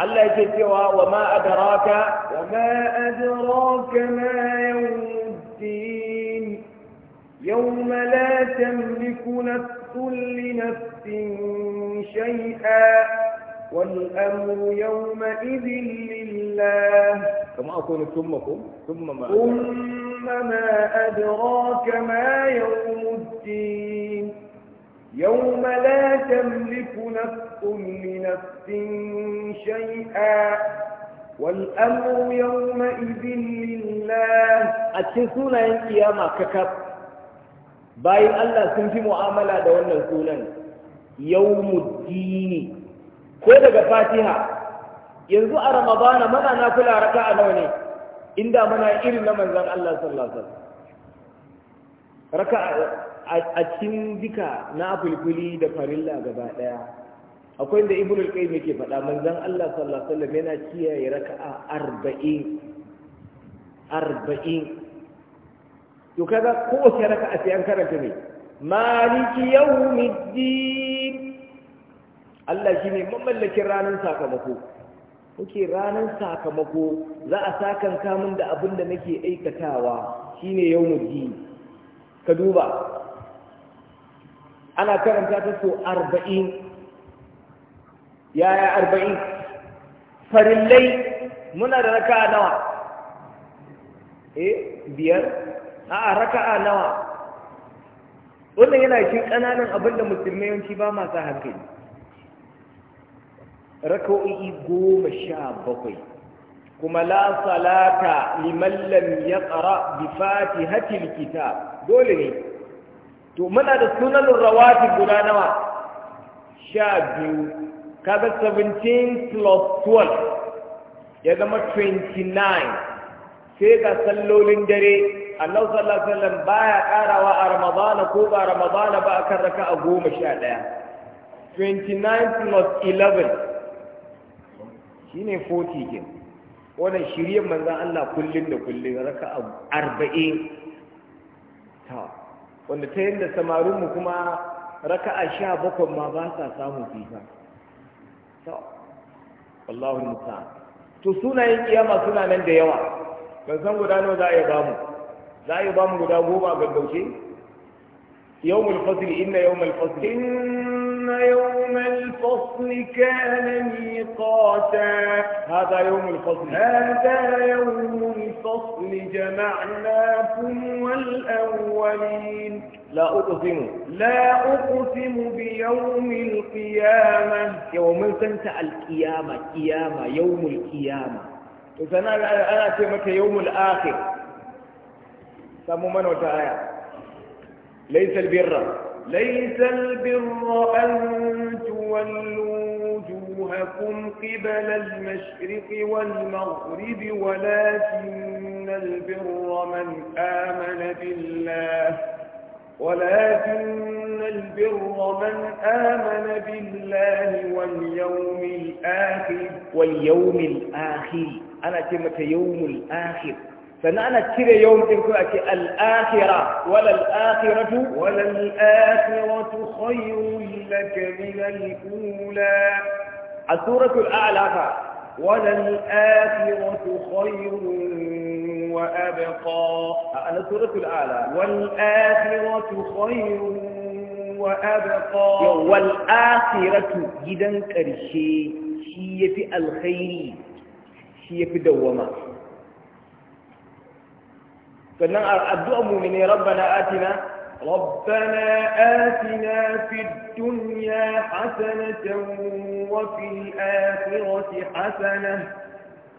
الله يجي سوى وما أدراك وما أدراك ما يوم الدين يوم لا تملك نفس لنفس شيئا والأمر يومئذ لله كما أقول ثمكم ثم ما ثم ما أدراك ما يوم الدين يوم لا تملك نفس لنفس شيئا والأمر يومئذ لله أتسونا يا ينقياما ككب باين الله سنتي معاملة دولنا سونا يوم الدين ko daga fatiha yanzu a ramadana mana na kula raka a nawa ne inda mana irin na manzan Allah sallallahu alaihi wasallam raka a cikin duka na fulfuli da farilla gaba daya akwai da ibnu al-qayyim yake faɗa manzan Allah sallallahu alaihi wasallam yana kiyaye raka'a 40 40 to kaga kowace raka'a sai an karanta ne maliki yawmiddin Allah shi ne mamallakin ranar sakamako kuke ranar sakamako za a sakan kamun da abin da nake aikatawa shi ne yau yawmuddi ka duba ana karanta ta so arba'in yaya arba'in farillai muna da a nawa eh biyar a'a a nawa wannan yana cikin ƙananan abin da musulmai yawanci ba masu sa hankali raka'o'i goma sha bakwai kuma la salata liman lam yaqra bi fatihatil kitab dole ne to muna da sunan rawati guda nawa sha biyu kaga 17 plus 12 ya zama 29 sai ga sallolin dare Allah sallallahu alaihi wasallam baya karawa a Ramadana ko ba Ramadana ba a raka goma sha 11 29 plus 11 shine 40 din wannan shiryen manzon Allah kullun da kullun raka 40 ta wanda ta yanda samarin mu kuma raka'a 17 ma ba sa samu fita to wallahi musta'an to sunayen kiyama suna nan da yawa ban san guda nawa za a yi bamu za a yi bamu guda goma a gaggauce yawmul fasl inna yawmul fasl إن يوم الفصل كان ميقاتا هذا يوم الفصل هذا يوم الفصل جمعناكم والأولين لا أقسم لا أقسم بيوم القيامة يوم تنسى القيامة قيامة يوم القيامة وسنا أنا أتمك يوم الآخر سمو من وتعالى ليس البر ليس البر أن تولوا وجوهكم قبل المشرق والمغرب ولكن البر من آمن بالله ولكن البر من آمن بالله واليوم الآخر واليوم الآخر أنا كلمة يوم الآخر sannan ana cire yawon ɗin ko ake al'akira wala al'akiratu wala al'akiratu khayrun laka min al-ula a suratul a'lafa وللآخرة خير وأبقى أنا سورة الأعلى والآخرة خير وأبقى والآخرة جدا كرشي شي في الخير شي في دوما sannan addu'ar mu ربنا آتنا ربنا آتنا في الدنيا حسنة وفي الآخرة حسنة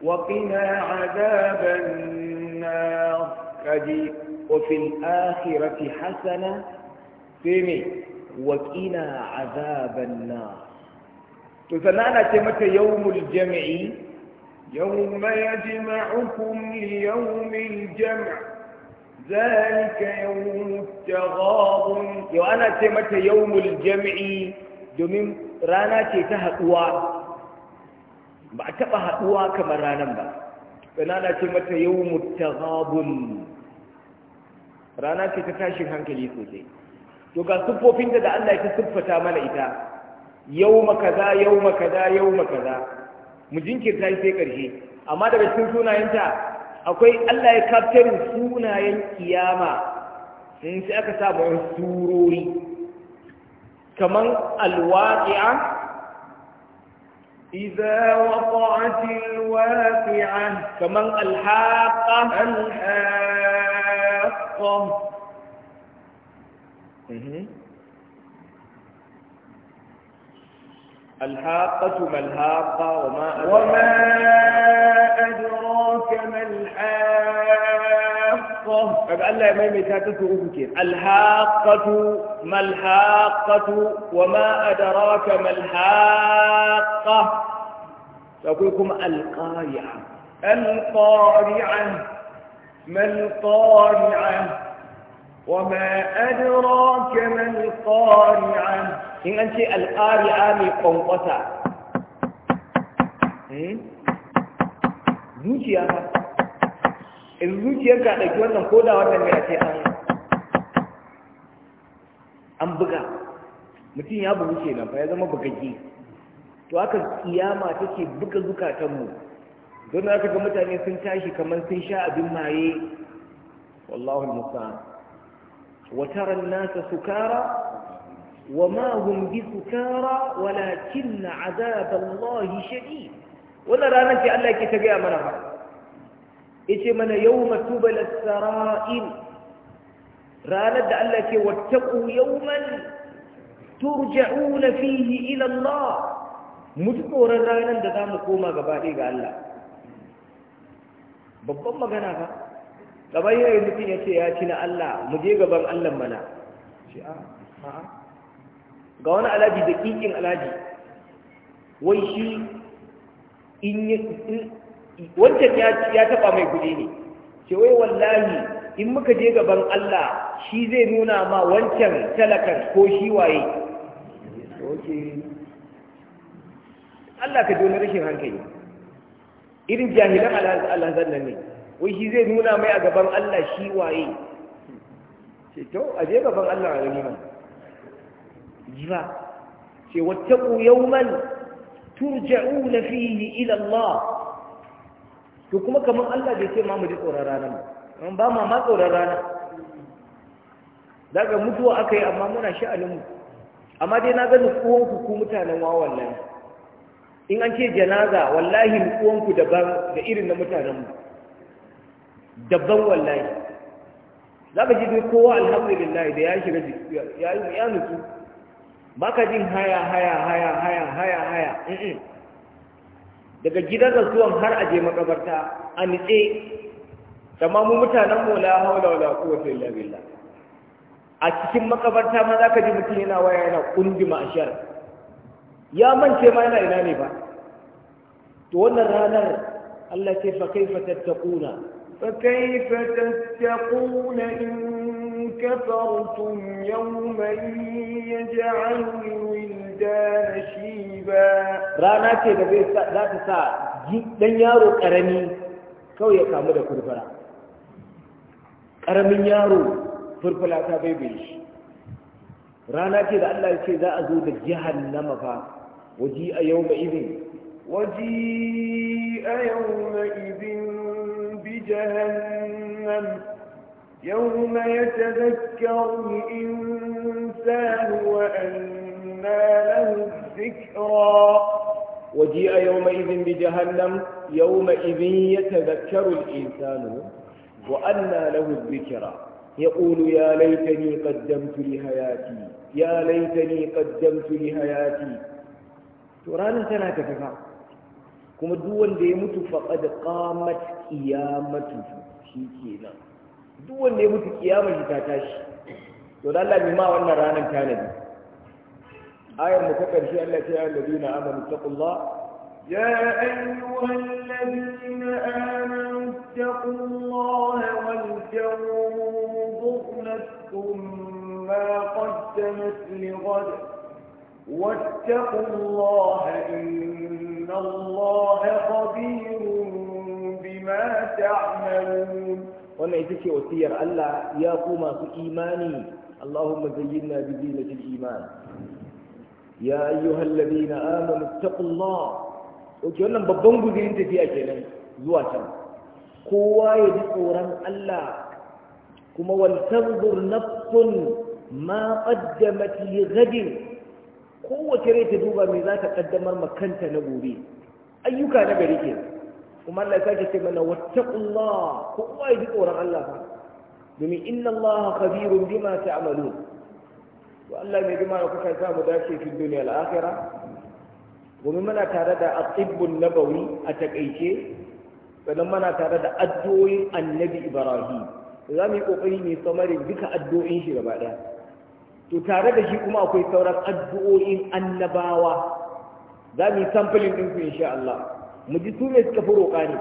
وقنا عذاب النار كدي وفي الآخرة حسنة فيمي وقنا عذاب النار تسنانا كمة يوم الجمع يوم يجمعكم ليوم الجمع ذلك يوم التغاض yau ana ce mata yawmul jam'i domin rana ce ta haɗuwa ba a taɓa haɗuwa kamar ranar ba sannan ana ce mata yawmul taghabun rana ce ta tashin hankali sosai to ga siffofin da Allah ya ta siffata mana ita yawma kaza yawma kaza yawma kaza mu jinkirta sai karshe amma daga cikin sunayenta akwai Allah ya kaftarin sunayen kiyama sun sai aka samu wani surori kaman alwaqi'a idza waqa'ati alwaqi'a kaman alhaqa alhaqa الحاقة ما الحاقة وما أدراك وما أدراك كما ما الحاقة فقال الله ما يمتاتك أبكين الحاقة ما الحاقة وما أدراك ما الحاقة لكم القارعة القارعة ما القارعة وما أدراك ما القارعة إن أنت القارعة من قنقطة إيه؟ zuciya ba in zuciyar ka ɗauki wannan ko da wannan ne a ce an an buga mutum ya bugu kenan fa ya zama bugagge to haka kiyama take buga zukatanmu don aka ga mutane sun tashi kamar sun sha abin maye wallahu musta'an wa tara an-nasa sukara وما هم بسكارى ولكن عذاب wannan ranar ce Allah ke ta gaya mana ba ce mana yau tubal as-sara'ir ranar da Allah ce wattaqu yawman turja'una fihi ila Allah mutu tsoron ranar da za mu koma gaba ɗaya ga Allah babban magana ba gaban yayin mutum ya ce ya ci na Allah mu je gaban Allah mana ce a ah, ga wani alaji da kikin alaji wai shi in wancan ya taba mai kuɗi ne ce wai wallahi in muka je gaban Allah shi zai nuna ma wancan talakan ko shi waye Allah ka jona rashin hankali irin jahilan Allah nan ne wai shi zai nuna mai a gaban Allah shi waye ce to a je gaban Allah a gani ba ji ba ce wata yawman turja'una fihi ila Allah to kuma kamar Allah bai ce ma mu ji tsoron rana ba ba ma ma tsoron ranar daga mutuwa aka yi amma muna sha'anin mu amma dai na ga nutsuwanku ku mutanen wa wallahi in an ce janaza wallahi ku daban da irin na mutanen mu daban wallahi za ka ji dai kowa alhamdulillah da ya shiga ya nutsu baka jin haya haya haya haya haya haya daga gidan zuwan har a je makabarta a nitse ma mu mutanen mu haula wala quwwata illa billah a cikin makabarta ma zaka ji mutum yana waya yana kundima ashar ya mance ma yana ina ne ba to wannan ranar Allah ce fa kaifa tattaquna fa kaifa tattaquna in كفرتم يوما يجعل الولدان شيبا رانا ce da za ta sa dan yaro karami kawai ya kamu da furfura karamin yaro furfura ta baibaye shi rana ce da Allah ce za a zo da jahannama fa waji a yau ba izin a yau ba bi jahannam يوم يتذكر الإنسان وأنى له الذكرى وجيء يومئذ بجهنم يومئذ يتذكر الإنسان وأنى له الذكرى يقول يا ليتني قدمت لحياتي يا ليتني قدمت لحياتي ترانا ثلاثة كفا كما دول ديمت فقد قامت قيامته في كينا duk wanda ya mutu kiyama shi ta tashi to da Allah ma wannan ranar tanadi ayar mu ta karshe Allah ta yi ladina amanu taqullah ya ayyuhal ladina amanu taqullah wal tanzur nafsum ma qaddamat lighad واتقوا الله إن الله خبير بما تعملون wannan ita ce wasiyar Allah ya ku masu imani Allahumma zayyinna bi zinatil iman ya ayyuhal ladina amanu taqullah oke wannan babban guzurin tafiya kenan zuwa can kowa ya ji tsoron Allah kuma wal tanzur nafsun ma qaddamat li ghadin kowace rai ta duba me za ta kaddamar makanta na gobe ayyuka na gari kenan kuma Allah ya sake ce mana wattaqullah ko ya ji tsoron Allah fa domin inna Allah khabirun bima ta'malun to Allah mai jima da kuka sa mu dace fi duniya al-akhirah domin muna tare da atibbun nabawi a takaice sannan muna tare da addu'o'in annabi Ibrahim za mu yi kokari mai samarin duka addu'o'in shi gaba daya to tare da shi kuma akwai sauran addu'o'in annabawa za mu yi sampling ɗin ku insha Allah mu ji su ne suka fi roƙa ne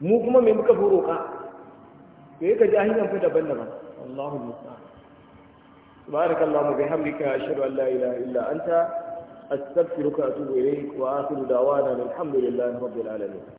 mu kuma me muka fi roƙa to yaka ji fa daban-daban Allahu musta'an subhanakallahumma bihamdika ashhadu an la ilaha illa anta astaghfiruka wa atubu ilayk wa akhiru da'wana alhamdulillahi rabbil alamin